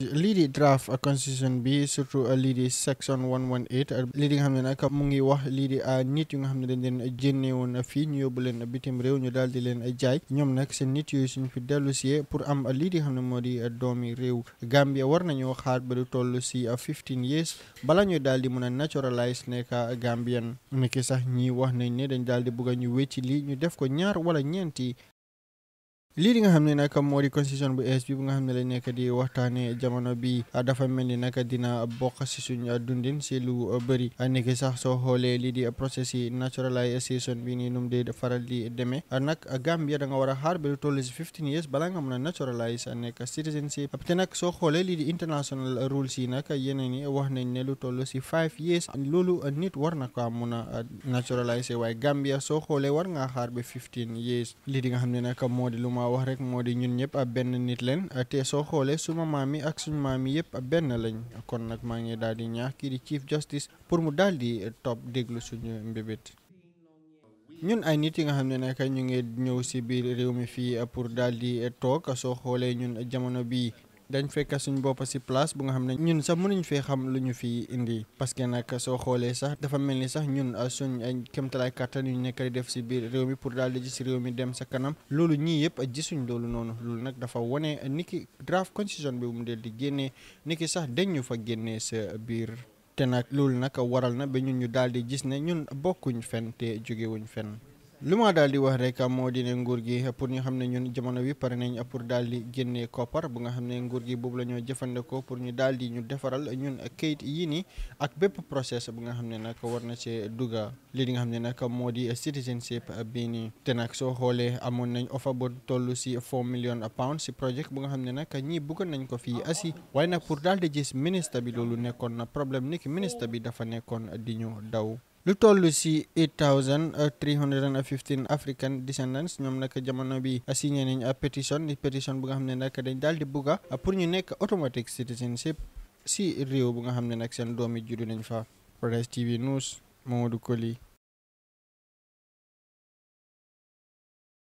lii di draft constitution bi surtout euh, lii di section 118 euh, lii di nga xam ne nag mu ngi wax lii di euh, nit yu nga xam ne dañ leen jénne woon fii ñu yóbbu leen bitim réew ñu daal di leen jaay ñoom nag seen nit yooyu suñ fi dellusi pour am lii di xam ne moo di doomi réew Gambia war nañoo xaar ba du toll si 15 years bala ñu daal di mën a naturalise nekk Gambian nekk sax ñi wax nañ ne dañ daal di bëgg ñu wécci lii ñu def ko ñaar wala ñeenti lii di nga xam ne nag moo di constitution bu es bi bu nga xam ne lañ nekk di waxtaane jamono bi dafa mel ni nag dina bokk si suñ dundin si lu bëri nekk sax soo xoolee lii di process yi naturalisation bi nii nu mu dee faral di demee nag Gambia da nga war a xaar toll si 15 years balaa nga mën a naturalise nekk citizenship te nag soo xoolee lii di international rules yi nag yeneen yi wax nañ ne lu toll si 5 years loolu nit war na ko mun a naturalise waaye Gambia soo xoolee war ngaa xaar ba years lii di nga xam ne nag moo di lu ma wax rek moo di ñun ñëpp ab benn nit leen te soo xoolee suma maam yi ak suñu maam yi a benn lañ kon nag maa ngi daal di ñaax kii di Chief Justice pour mu daal di topp déglu suñu mbébét. ñun ay nit yi nga xam ne nag ñu ngi ñëw si biir réew mi fii pour daal di toog soo xoolee ñun jamono bii. dañ fekk suñ bopp si place bu nga xam ne ñun sax mënuñ fee xam lu ñu fi indi parce que nag soo xoolee sax dafa mel ni sax ñun ah, suñ ay kéemtalaay kàttan yu nekk di def si biir réew mi pour daal di gis réew mi dem sa kanam loolu ñii yëpp gisuñ loolu noonu loolu nag dafa wane niki draft constitution bi mu del di génnee niki sax dañ ñu fa génnee sa biir. te nag loolu nag waral na ba ñun ñu daal di gis ne ñun bokkuñu fenn te jógewuñ fenn. lu ma daal di wax rek moo di ne nguur gi pour ñu xam ne ñun jamono bi pare nañ pour daal di génnee koppar bu nga xam ne nguur gi boobu la jëfandikoo pour ñu daal di ñu defaral ñun kayit yii nii ak bépp process bu nga xam ne nag war na see dugga lii di nga xam ne nag moo di citizenship bii nii te nag soo xoolee amoon nañ offer bu toll si 4 million pounds si projet bu nga xam ne nag ñii bëggoon nañ ko fii asi waaye nag pour daal di gis ministre bi loolu nekkoon na problème niki ministre bi dafa nekkoon di ñu daw. lu toll si 8315 uh, African descendants ñoom nag jamono bi signé nañ pétition di pétition bu nga xam ne nag dañ daal di bugga uh, pour ñu nekk automatic citizenship si réew bu nga xam ne nag seen doomi juddu nañ fa Paradise TV News ko Koli